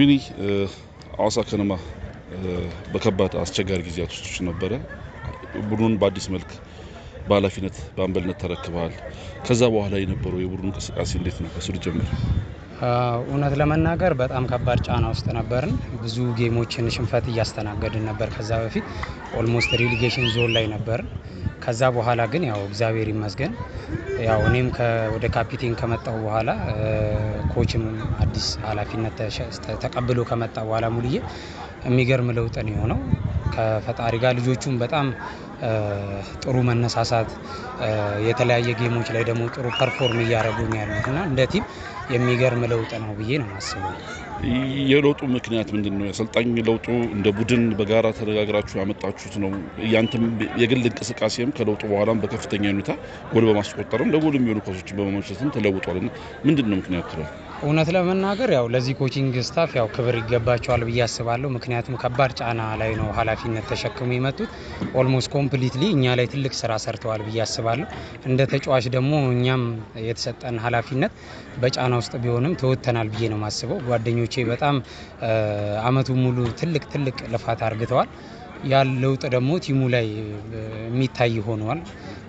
ሚኒ አዋሳ ከነማ በከባድ አስቸጋሪ ጊዜያት ውስጥ ነበረ። ቡድኑን በአዲስ መልክ በኃላፊነት በአንበልነት ተረክበሃል። ከዛ በኋላ የነበረው የቡድኑ እንቅስቃሴ እንዴት ነው? ከስሩ ጀምር። እውነት ለመናገር በጣም ከባድ ጫና ውስጥ ነበርን። ብዙ ጌሞችን ሽንፈት እያስተናገድን ነበር። ከዛ በፊት ኦልሞስት ሪሊጌሽን ዞን ላይ ነበርን። ከዛ በኋላ ግን ያው እግዚአብሔር ይመስገን ያው እኔም ወደ ካፒቴን ከመጣሁ በኋላ ኮችም አዲስ ኃላፊነት ተቀብሎ ከመጣ በኋላ ሙሉዬ የሚገርም ለውጥ ነው የሆነው። ከፈጣሪ ጋር ልጆቹም በጣም ጥሩ መነሳሳት የተለያየ ጌሞች ላይ ደግሞ ጥሩ ፐርፎርም እያደረጉኝ ያሉት እና እንደ ቲም የሚገርም ለውጥ ነው ብዬ ነው ማስበው። የለውጡ ምክንያት ምንድን ነው? የአሰልጣኝ ለውጡ እንደ ቡድን በጋራ ተነጋግራችሁ ያመጣችሁት ነው። ያንተም የግል እንቅስቃሴም ከለውጡ በኋላም በከፍተኛ ሁኔታ ጎል በማስቆጠርም ለጎል የሚሆኑ ኳሶችን በማመቸትም ተለውጧልና ምንድን ነው ምክንያቱ? እውነት ለመናገር ያው ለዚህ ኮቺንግ ስታፍ ያው ክብር ይገባቸዋል ብዬ አስባለሁ። ምክንያቱም ከባድ ጫና ላይ ነው ኃላፊነት ተሸክሞ የመጡት ኦልሞስት ኮምፕሊትሊ እኛ ላይ ትልቅ ስራ ሰርተዋል ብዬ አስባለሁ። እንደ ተጫዋች ደግሞ እኛም የተሰጠን ኃላፊነት በጫና ውስጥ ቢሆንም ተወጥተናል ብዬ ነው ማስበው። ጓደኞቼ በጣም አመቱ ሙሉ ትልቅ ትልቅ ልፋት አርግተዋል። ያ ለውጥ ደግሞ ቲሙ ላይ የሚታይ ሆኗል።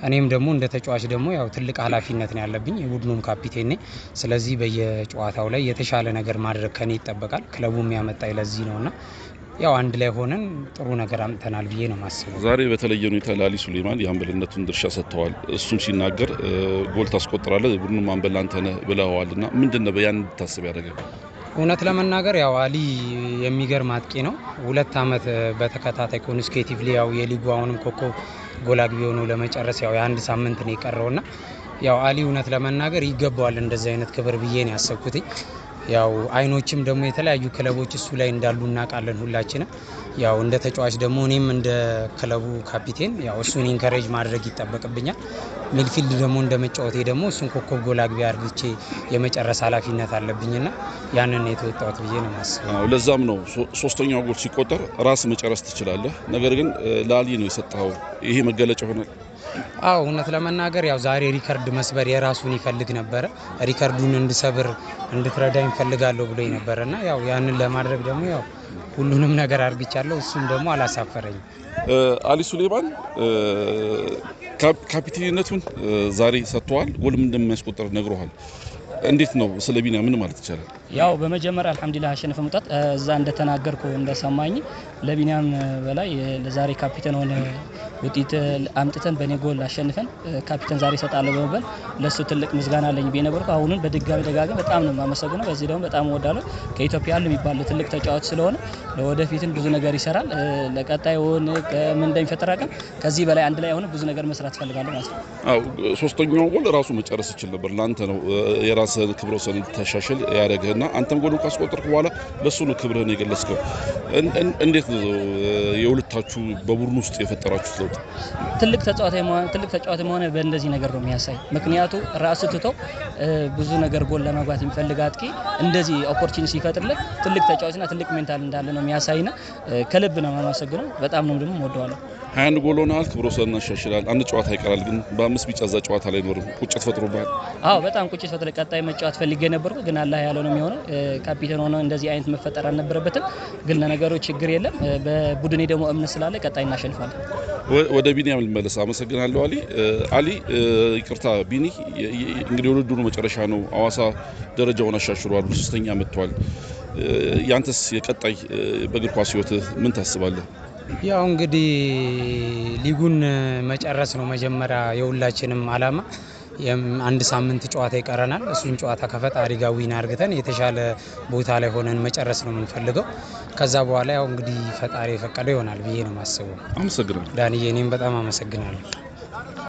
እኔም ደግሞ እንደ ተጫዋች ደግሞ ያው ትልቅ ኃላፊነት ነው ያለብኝ። የቡድኑም ካፒቴን ነኝ። ስለዚህ በየጨዋታው ላይ የተሻለ ነገር ማድረግ ከኔ ይጠበቃል። ክለቡም ያመጣኝ ለዚህ ነውና ያው አንድ ላይ ሆነን ጥሩ ነገር አምጥተናል ብዬ ነው ማስበው። ዛሬ በተለየ ሁኔታ ለአሊ ሱሌማን የአንበልነቱን ድርሻ ሰጥተዋል። እሱም ሲናገር ጎል ታስቆጥራለህ፣ ቡድኑ አንበል አንተነህ ብለዋልና ምንድን ነው በያን ታስብ ያደረገ እውነት ለመናገር ያው አሊ የሚገርም አጥቂ ነው። ሁለት አመት በተከታታይ ኮንስኬቲቭሊ ያው የሊጉ አሁንም ኮከብ ጎል አግቢ ሆኖ ለመጨረስ ያው የአንድ ሳምንት ነው የቀረውና ያው አሊ እውነት ለመናገር ይገባዋል እንደዚህ አይነት ክብር ብዬ ነው ያሰብኩትኝ። ያው አይኖችም ደግሞ የተለያዩ ክለቦች እሱ ላይ እንዳሉ እናውቃለን ሁላችንም። ያው እንደ ተጫዋች ደግሞ እኔም እንደ ክለቡ ካፒቴን ያው እሱን ኢንከሬጅ ማድረግ ይጠበቅብኛል። ሚድፊልድ ደግሞ እንደ መጫወቴ ደግሞ እሱን ኮከብ ጎል አግቢ አርግቼ የመጨረስ ኃላፊነት አለብኝና ያንን የተወጣሁት ብዬ ነው የማስበው። ለዛም ነው ሶስተኛው ጎል ሲቆጠር ራስ መጨረስ ትችላለህ፣ ነገር ግን ለአሊ ነው የሰጠኸው። ይሄ መገለጫ ይሆናል። አዎ እውነት ለመናገር ያው ዛሬ ሪከርድ መስበር የራሱን ይፈልግ ነበረ። ሪከርዱን እንድሰብር እንድትረዳኝ እፈልጋለሁ ብሎ ነበረ እና ያው ያንን ለማድረግ ደግሞ ያው ሁሉንም ነገር አድርግቻለሁ። እሱም ደግሞ አላሳፈረኝም። አሊ ሱሌማን ካፒቴንነቱን ዛሬ ሰጥተዋል። ጎልም እንደሚያስቆጠር ነግሮሃል። እንዴት ነው ስለ ቢንያምን ማለት ይቻላል? ያው በመጀመሪያ አልሐምዱሊላህ አሸነፈ መውጣት እዛ እንደተናገርኩ እንደሰማኝ ለቢንያም በላይ ለዛሬ ካፒተን ሆነ ውጤት አምጥተን በኔ ጎል አሸንፈን ካፒተን ዛሬ እሰጣለሁ በመባል ለሱ ትልቅ ምስጋና አለኝ ብዬ ነበርኩ። በድጋሚ ደጋግም በጣም ነው የማመሰግነው። በዚህ ደግሞ በጣም እወዳለሁ። ከኢትዮጵያ ያለ የሚባል ትልቅ ተጫዋች ስለሆነ ለወደፊትም ብዙ ነገር ይሰራል። ለቀጣይ ሆን ምን እንደሚፈጠር አቅም ከዚህ በላይ አንድ ላይ ሆነ ብዙ ነገር መስራት ፈልጋለሁ ማለት ነው። ሶስተኛው ጎል ራሱ መጨረስ ይችል ነበር። ለአንተ ነው የራስ የራስህን ክብረ ወሰን እንድታሻሽል ያደረገህና አንተም ጎል ካስቆጠርክ በኋላ በእሱ ነው ክብርህን የገለጽከው። እንዴት ነው የሁለታችሁ በቡድን ውስጥ የፈጠራችሁት ለውጥ? ትልቅ ተጫዋች መሆነ በእንደዚህ ነገር ነው የሚያሳይ። ምክንያቱ ራስ ትቶ ብዙ ነገር ጎል ለማግባት የሚፈልግ አጥቂ እንደዚህ ኦፖርቹኒቲ ሲፈጥርለት ትልቅ ተጫዋችና ትልቅ ሜንታል እንዳለ ነው የሚያሳይና ከልብ ነው የማመሰግነው። በጣም ነው ደግሞ ወደዋለሁ። ሀያ አንድ ጎል ሆነሃል። ክብረ ወሰን እናሻሽላል። አንድ ጨዋታ ይቀራል፣ ግን በአምስት ቢጫ እዛ ጨዋታ ላይ ኖርም ቁጭት ፈጥሮብሃል? አዎ በጣም ቁጭት ፈጥሮ ቀጣይ መጫወት ፈልጌ ነበርኩ፣ ግን አላህ ያለው ነው የሚሆነው። ካፒቴን ሆነ እንደዚህ አይነት መፈጠር አልነበረበትም፣ ግን ለነገሩ ችግር የለም። በቡድኔ ደግሞ እምነት ስላለ ቀጣይ እናሸንፋለን። ወደ ቢኒያም ልመለስ። አመሰግናለሁ አሊ። አሊ ይቅርታ ቢኒ፣ እንግዲህ የውድድሩ መጨረሻ ነው። አዋሳ ደረጃውን አሻሽሏል፣ ሶስተኛ መጥቷል። ያንተስ የቀጣይ በእግር ኳስ ህይወት ምን ታስባለህ? ያው እንግዲህ ሊጉን መጨረስ ነው መጀመሪያ የሁላችንም አላማ። አንድ ሳምንት ጨዋታ ይቀረናል። እሱን ጨዋታ ከፈጣሪ ጋር ዊን አድርገን የተሻለ ቦታ ላይ ሆነን መጨረስ ነው የምንፈልገው። ከዛ በኋላ ያው እንግዲህ ፈጣሪ የፈቀደው ይሆናል ብዬ ነው የማስበው። አመሰግናለሁ ዳንዬ። እኔም በጣም አመሰግናለሁ።